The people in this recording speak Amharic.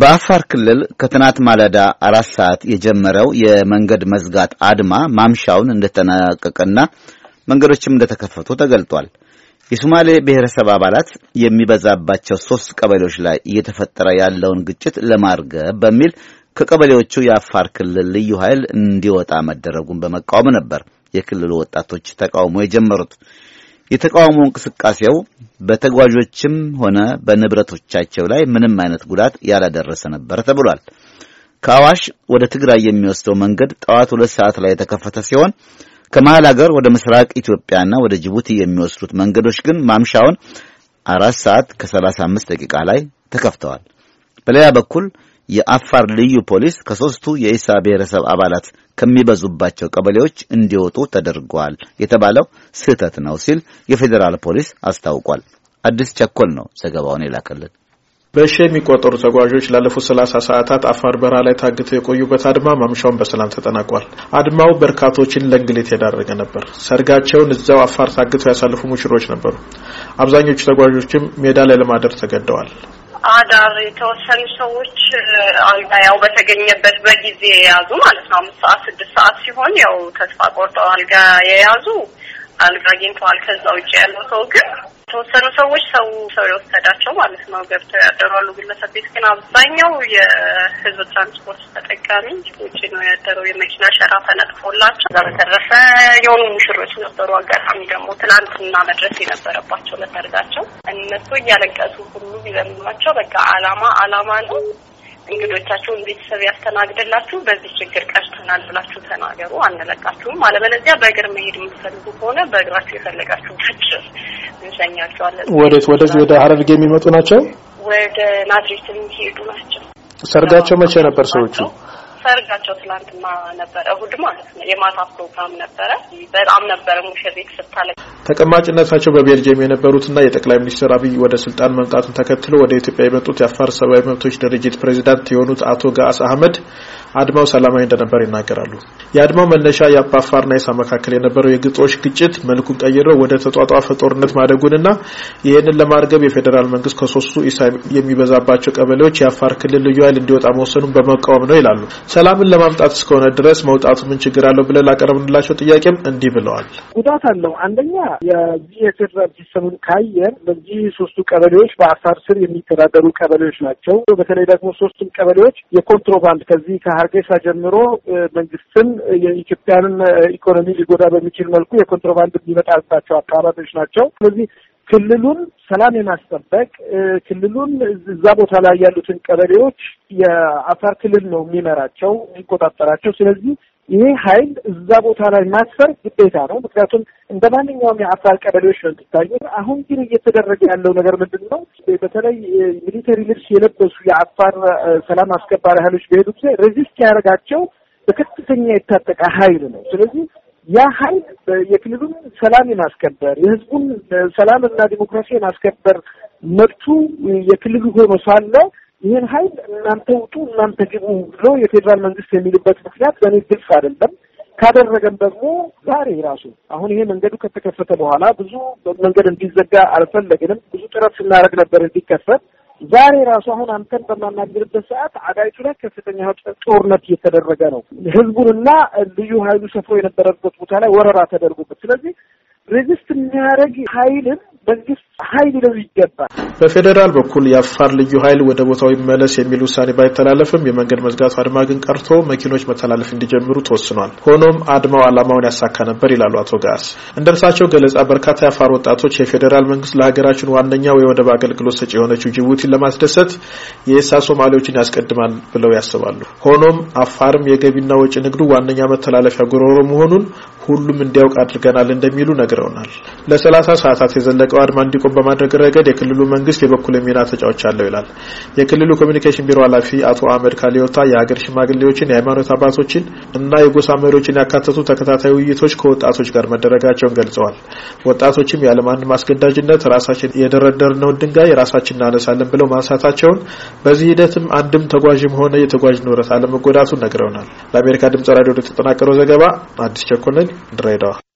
በአፋር ክልል ከትናት ማለዳ አራት ሰዓት የጀመረው የመንገድ መዝጋት አድማ ማምሻውን እንደተጠናቀቀና መንገዶችም እንደተከፈቱ ተገልጧል። የሶማሌ ብሔረሰብ አባላት የሚበዛባቸው ሶስት ቀበሌዎች ላይ እየተፈጠረ ያለውን ግጭት ለማርገብ በሚል ከቀበሌዎቹ የአፋር ክልል ልዩ ኃይል እንዲወጣ መደረጉን በመቃወም ነበር የክልሉ ወጣቶች ተቃውሞ የጀመሩት። የተቃውሞ እንቅስቃሴው በተጓዦችም ሆነ በንብረቶቻቸው ላይ ምንም አይነት ጉዳት ያላደረሰ ነበር ተብሏል። ከአዋሽ ወደ ትግራይ የሚወስደው መንገድ ጠዋት ሁለት ሰዓት ላይ የተከፈተ ሲሆን ከመሀል ሀገር ወደ ምስራቅ ኢትዮጵያና ወደ ጅቡቲ የሚወስዱት መንገዶች ግን ማምሻውን አራት ሰዓት ከሰላሳ አምስት ደቂቃ ላይ ተከፍተዋል። በሌላ በኩል የአፋር ልዩ ፖሊስ ከሦስቱ የኢሳ ብሔረሰብ አባላት ከሚበዙባቸው ቀበሌዎች እንዲወጡ ተደርጓል የተባለው ስህተት ነው ሲል የፌዴራል ፖሊስ አስታውቋል። አዲስ ቸኮል ነው ዘገባውን የላከልን። በሺ የሚቆጠሩ ተጓዦች ላለፉት ሰላሳ ሰዓታት አፋር በረሃ ላይ ታግተው የቆዩበት አድማ ማምሻውን በሰላም ተጠናቋል። አድማው በርካቶችን ለእንግልት የዳረገ ነበር። ሰርጋቸውን እዛው አፋር ታግተው ያሳልፉ ሙሽሮች ነበሩ። አብዛኞቹ ተጓዦችም ሜዳ ላይ ለማደር ተገደዋል። አዳር የተወሰኑ ሰዎች አልጋ ያው በተገኘበት በጊዜ የያዙ ማለት ነው። አምስት ሰዓት ስድስት ሰዓት ሲሆን ያው ተስፋ ቆርጠው አልጋ የያዙ አንዱ አግኝተዋል። ከዛ ውጭ ያለው ሰው ግን የተወሰኑ ሰዎች ሰው ሰው የወሰዳቸው ማለት ነው ገብተው ያደሯሉ። ግለሰብ ቤት ግን አብዛኛው የህዝብ ትራንስፖርት ተጠቃሚ ውጭ ነው ያደረው። የመኪና ሸራ ተነጥፎላቸው። እዛ በተረፈ የሆኑ ሙሽሮች ነበሩ። አጋጣሚ ደግሞ ትናንትና መድረስ የነበረባቸው ለሰርጋቸው እነሱ እያለቀሱ ሁሉ ቢለምኗቸው በቃ አላማ አላማ ነው እንግዶቻችሁን ቤተሰብ ያስተናግድላችሁ፣ በዚህ ችግር ቀርተናል ብላችሁ ተናገሩ፣ አንለቃችሁም። አለበለዚያ በእግር መሄድ የምትፈልጉ ከሆነ በእግራችሁ የፈለጋችሁ ናቸው እንሸኛቸዋለን። ወዴት? ወደዚህ ወደ ሀረርጌ የሚመጡ ናቸው። ወደ ናዝሬት የሚሄዱ ናቸው። ሰርጋቸው መቼ ነበር ሰዎቹ? ሰርጋቸው ትላንትና ነበረ፣ እሁድ ማለት ነው። የማታ ፕሮግራም ነበረ። በጣም ነበረ ሙሽሪት ስታለቅ። ተቀማጭነታቸው በቤልጅየም የነበሩትና የጠቅላይ ሚኒስትር አብይ ወደ ስልጣን መምጣቱን ተከትሎ ወደ ኢትዮጵያ የመጡት የአፋር ሰብአዊ መብቶች ድርጅት ፕሬዚዳንት የሆኑት አቶ ጋአስ አህመድ አድማው ሰላማዊ እንደነበር ይናገራሉ። የአድማው መነሻ የአባ አፋርና ኢሳ መካከል የነበረው የግጦሽ ግጭት መልኩን ቀይሮ ወደ ተጧጧፈ ጦርነት ማደጉንና ይህንን ለማርገብ የፌዴራል መንግስት ከሶስቱ ኢሳ የሚበዛባቸው ቀበሌዎች የአፋር ክልል ልዩ ኃይል እንዲወጣ መወሰኑን በመቃወም ነው ይላሉ። ሰላምን ለማምጣት እስከሆነ ድረስ መውጣቱ ምን ችግር አለው ብለን ላቀረብንላቸው ጥያቄም እንዲህ ብለዋል። ጉዳት አለው። አንደኛ የዚህ የፌዴራል ሲስተሙን ካየን በዚህ ሶስቱ ቀበሌዎች በአሳር ስር የሚተዳደሩ ቀበሌዎች ናቸው። በተለይ ደግሞ ሶስቱም ቀበሌዎች የኮንትሮባንድ ከዚህ ከሀርጌሳ ጀምሮ መንግስትን የኢትዮጵያንን ኢኮኖሚ ሊጎዳ በሚችል መልኩ የኮንትሮባንድ የሚመጣባቸው አካባቢዎች ናቸው። ስለዚህ ክልሉን ሰላም የማስጠበቅ ክልሉን እዛ ቦታ ላይ ያሉትን ቀበሌዎች የአፋር ክልል ነው የሚመራቸው የሚቆጣጠራቸው። ስለዚህ ይሄ ኃይል እዛ ቦታ ላይ ማስፈር ግዴታ ነው። ምክንያቱም እንደ ማንኛውም የአፋር ቀበሌዎች ነው የሚታዩ። አሁን ግን እየተደረገ ያለው ነገር ምንድን ነው? በተለይ ሚሊተሪ ልብስ የለበሱ የአፋር ሰላም አስከባሪ ኃይሎች በሄዱ ጊዜ ሬዚስት ያደረጋቸው በከፍተኛ የታጠቀ ኃይል ነው። ስለዚህ ያ ኃይል የክልሉን ሰላም የማስከበር የህዝቡን ሰላምና ዲሞክራሲ የማስከበር መብቱ የክልሉ ሆኖ ሳለ ይህን ኃይል እናንተ ውጡ፣ እናንተ ግቡ ብሎ የፌዴራል መንግስት የሚልበት ምክንያት በእኔ ግልጽ አይደለም። ካደረገም ደግሞ ዛሬ ራሱ አሁን ይሄ መንገዱ ከተከፈተ በኋላ ብዙ መንገድ እንዲዘጋ አልፈለግንም። ብዙ ጥረት ስናደርግ ነበር እንዲከፈት ዛሬ ራሱ አሁን አንተን በማናገርበት ሰዓት አዳይቱ ላይ ከፍተኛ ጦርነት እየተደረገ ነው። ህዝቡንና ልዩ ኃይሉ ሰፍሮ የነበረበት ቦታ ላይ ወረራ ተደርጎበት ስለዚህ ሬዚስት የሚያደርግ ሀይልን መንግስት ሀይል ይለው ይገባል። በፌዴራል በኩል የአፋር ልዩ ሀይል ወደ ቦታው ይመለስ የሚል ውሳኔ ባይተላለፍም የመንገድ መዝጋቱ አድማ ግን ቀርቶ መኪኖች መተላለፍ እንዲጀምሩ ተወስኗል። ሆኖም አድማው ዓላማውን ያሳካ ነበር ይላሉ አቶ ጋስ። እንደ እርሳቸው ገለጻ በርካታ የአፋር ወጣቶች የፌዴራል መንግስት ለሀገራችን ዋነኛው የወደብ አገልግሎት ሰጪ የሆነችው ጅቡቲን ለማስደሰት የሳ ሶማሌዎችን ያስቀድማል ብለው ያስባሉ። ሆኖም አፋርም የገቢና ወጪ ንግዱ ዋነኛ መተላለፊያ ጉሮሮ መሆኑን ሁሉም እንዲያውቅ አድርገናል እንደሚሉ ነግረውናል። ለሰላሳ ሰዓታት የዘለቀው አድማ እንዲቆም በማድረግ ረገድ የክልሉ መንግስት የበኩል ሚና ተጫዋች አለው ይላል። የክልሉ ኮሚኒኬሽን ቢሮ ኃላፊ አቶ አህመድ ካሊዮታ የሀገር ሽማግሌዎችን፣ የሃይማኖት አባቶችን እና የጎሳ መሪዎችን ያካተቱ ተከታታይ ውይይቶች ከወጣቶች ጋር መደረጋቸውን ገልጸዋል። ወጣቶችም ያለማንም አስገዳጅነት ራሳችን የደረደርነውን ድንጋይ ራሳችን እናነሳለን ብለው ማንሳታቸውን በዚህ ሂደትም አንድም ተጓዥም ሆነ የተጓዥ ንብረት አለመጎዳቱን ነግረውናል። ለአሜሪካ ድምጽ ራዲዮ የተጠናቀረው ዘገባ አዲስ ቸኮለኝ reloj.